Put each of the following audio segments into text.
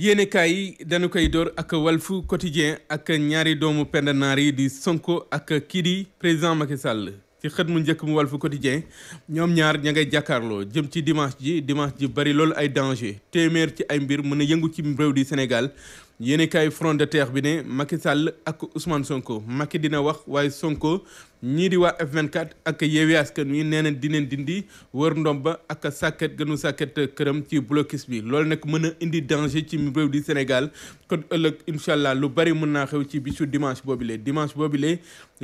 yéenekaay yi dañu koy door ak Walfu Quotidien ak ñaari doomu penda naar yi di Sonko ak kii di président Macky Sall ci xët mu njëkk mu Walfu Quotidien ñoom ñaar ña ngay jàkkaarloo jëm ci dimanche ji dimanche ji bari loolu ay danger téeméer ci ay mbir mun a yëngu ci réew di Sénégal yéen kaay front de terre bi ne Macky Sall ak usmaan Sonko Macky dina wax waaye Sonko ñii di waa F24 ak Yewwi Askan Wi nee na dinañ dindi wër ndomba ak sàkket gënu sàkket këram ci blocus bi loolu nag mën a indi danger ci réew di Sénégal kon ëllëg incha allah lu bari mun naa xew ci bisu dimanche boobule dimanche boobule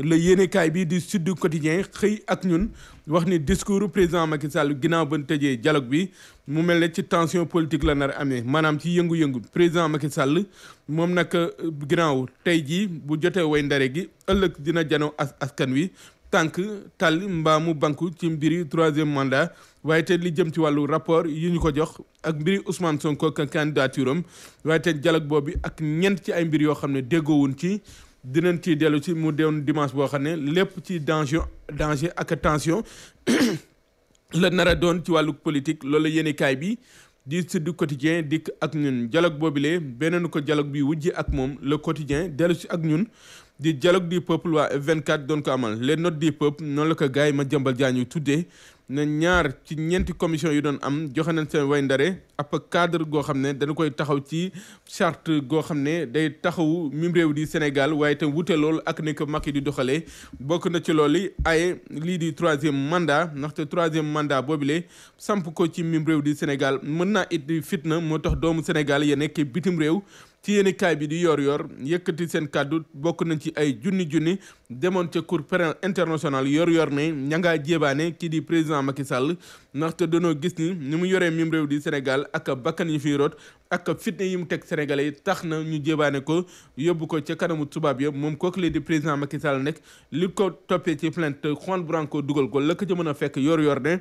la yéenekaay bi di Sud Quotidien xëy ak ñun wax ni discours président Macky Sall ginnaaw ba tëjee dialogue bi mu mel ne ci tension politique la nar amee maanaam ci yëngu-yëngu président Macky Sall moom nag euh, ginnaaw tey jii bu jotee way ndare gi ëllëg dina janoo as askan wi. sànq tàll mbaamu banku ci mbiri troisième mandat waaye te li jëm ci wàllu rapport yi ñu ko jox ak mbiri Ousmane Sonko ak candidature am waaye te dialogue boobu ak ñent ci ay mbir yoo xam ne déggoowuñ ci dinañ ci dellu ci mu doon dimanche boo xam ne lépp ci danger danger ak tension la nara doon ci wàllu politique loolu yéene bi di Sud Quotidien dikk ak ñun dialogue boobu lee beneen ko dialogue bi wujji ak moom le quotidien dellu si ak ñun di dialogue du peuple waa vingt 24 doon ko amal les notes du peuple noonu la ko gars yi ma jëmbal jaa ñu tuddee na ñaar ci ñeenti commission yi doon am joxe nañ seen way ndare ab cadre goo xam ne dañu koy taxaw ci charte goo xam ne day taxawu mim réew di Sénégal waaye tam wute lool ak ni ko Macky di doxalee bokk na ci loolu ay lii di troisième mandat ndaxte troisième mandat boobule samp ko ci mim réew di Sénégal mën naa it fitna moo tax doomu Sénégal ya nekk bitim réew ci yéenekaay bi di yor yor yëkkati seen kàddu bokk nañ ci ay junni junni demoon ca cour pénale internationale yor yor ne ña ngaa jébaane kii di président Macky Sall ndaxte danoo gis ni ni mu yoree mim réew di Sénégal ak bakkan yi fiy root ak fitne yi mu teg sénégalais yi tax na ñu jébaane ko yóbbu ko ca kanamu tubaab ya moom kooku lee di président Macky Sall nekk li ko toppee ci plainte Juan Branco dugal ko la ko ca mën a fekk yor yor ne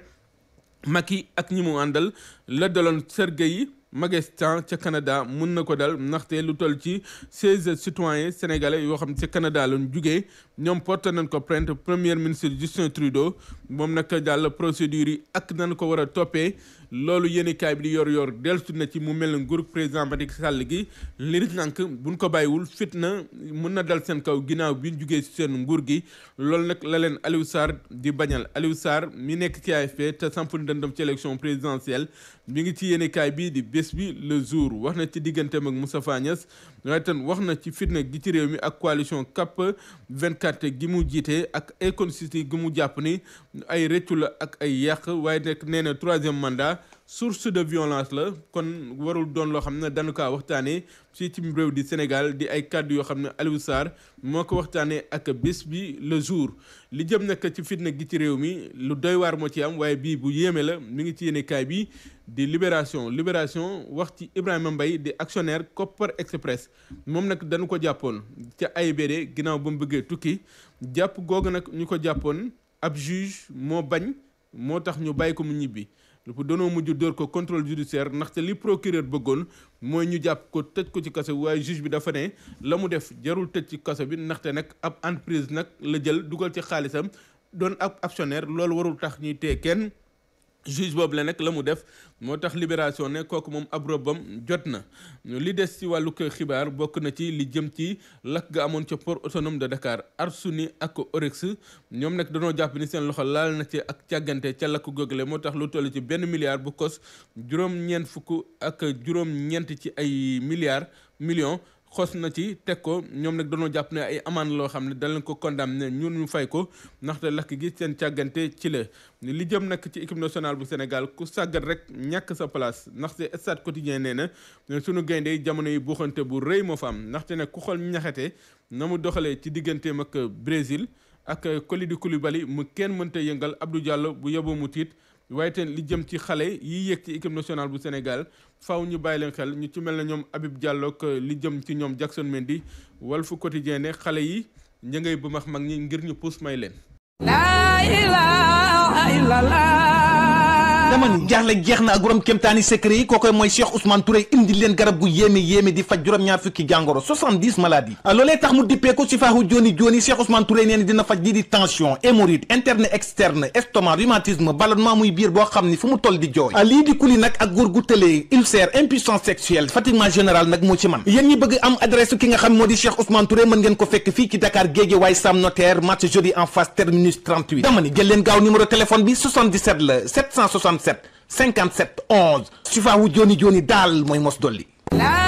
Macky ak ñi mu àndal la daloon Sergueï Magestan ca Canada mun na ko dal ndaxte lu tal ci seize citoyens sénégalais yoo xam ne ca Canada lañ jugee ñoom porté nañ ko plainte premier ministre Justin Trudeau moom nag daal procédure yi ak nan ko war a toppee. loolu yéenekaay bi di yor yor dellusi na ci mu mel ne nguurug président Macky Sall gi lirit bu buñ ko bàyyiwul fitna mën na dal seen kaw ginnaaw bi ñu jugee ci seen nguur gi loolu nag la leen Aliou Sarr di bañal Aliou mi nekk ci AFP te samp dëndam ci élection présidentielle mi ngi ci yéenekaay bi di bés bi le jour wax na ci diggante mag Moustapha Niasse waaye tam wax na ci fitna gi ci réew mi ak coalition CAP 24 gi mu jiite ak Econ City gi mu jàpp ni ay rëccu la ak ay yàq waaye nag nee na troisième mandat source de violence la kon warul doon loo xam ne dañu kaa waxtaanee fii ci réew di Sénégal di ay kàddu yoo xam ne Aliou moo ko waxtaanee ak bés bi le jour li jëm nag ci fitna gi ci réew mi lu doy waar moo ci am waaye bii bu yéeme la mu ngi ci yéenekaay bi di Libération Libération wax ci Ibrahima mbay di actionnaire Copper Express moom nag dañu ko jàppoon ca ay AIBD ginnaaw ba mu bëggee tukki jàpp googu nag ñu ko jàppoon ab juge moo bañ moo tax ñu bàyyi ko mu ñibbi lu danoo mujj dóor ko contrôle judiciaire ndaxte li procureur bëggoon mooy ñu jàpp ko tëj ko ci kaso bi waaye juge bi dafa ne la mu def jarul tëj ci kaso bi ndaxte nag ab entreprise nag la jël dugal ci xaalisam doon ab actionnaire loolu warul tax ñuy tee kenn juge boobu la nag la mu def moo tax libération ne kooku moom ab robam jot na li des ci wàllu xibaar bokk na ci li jëm ci lakk ga amoon ca port autonome de Dakar Arsuni ak orex ñoom nag dañoo jàpp ni seen loxo laal na ci ak càggante ca lakk googale moo tax lu toll ci benn milliard bu kos juróom-ñeent fukk ak juróom-ñeent ci ay milliards millions xos na ci teg ko ñoom nag dañoo jàpp ne ay amende loo xam ne dañ leen ko condamné ñun ñu fay ko ndaxte lakk gi seen càggante ci la li jëm nag ci équipe nationale bu Sénégal ku sàggat rek ñàkk sa place ndaxte stade quotidien nee na suñu gayndee jamono yi buuxante bu rëy moo fa am ndaxte nag ku xool ñaxete na mu doxalee ci digganteem ak Brésil ak Kalidou Koulibaly mu kenn mënta yëngal Abdou Diallo bu yeboo mu tiit waaye teen li jëm ci xale yi yéeg ci équipe nationale bu Sénégal faw ñu bàyyi leen xel ñu ci mel ne ñoom Habib Diallo ak li jëm ci ñoom Jackson Mendy Walf Quotidien ne xale yi ña ngay bëmax mag ñi ngir ñu puus may leen. dama ni jaaxle jeex na ak borom kéemtaani secret yi kookoy mooy Cheikh Ousmane Touré indi leen garab gu yéeme yéeme di faj juróom-ñaar fukki jàngoro 70 ah, loolee tax mu dippee ko si faaxu jooni jooni Cheikh Ousmane dina faj lii di tension hémorroïde interne externe estomac rhumatisme ballonnement muy biir boo xam ni fu mu toll di jooy ah, lii di kuli nag ak góor gu tëlee ulcère impuissance sexuelle fatiguement général nag moo ci man yéen ñi bëgg am 67 57 11 Sufa wu joni joni daal mooy mos dolli.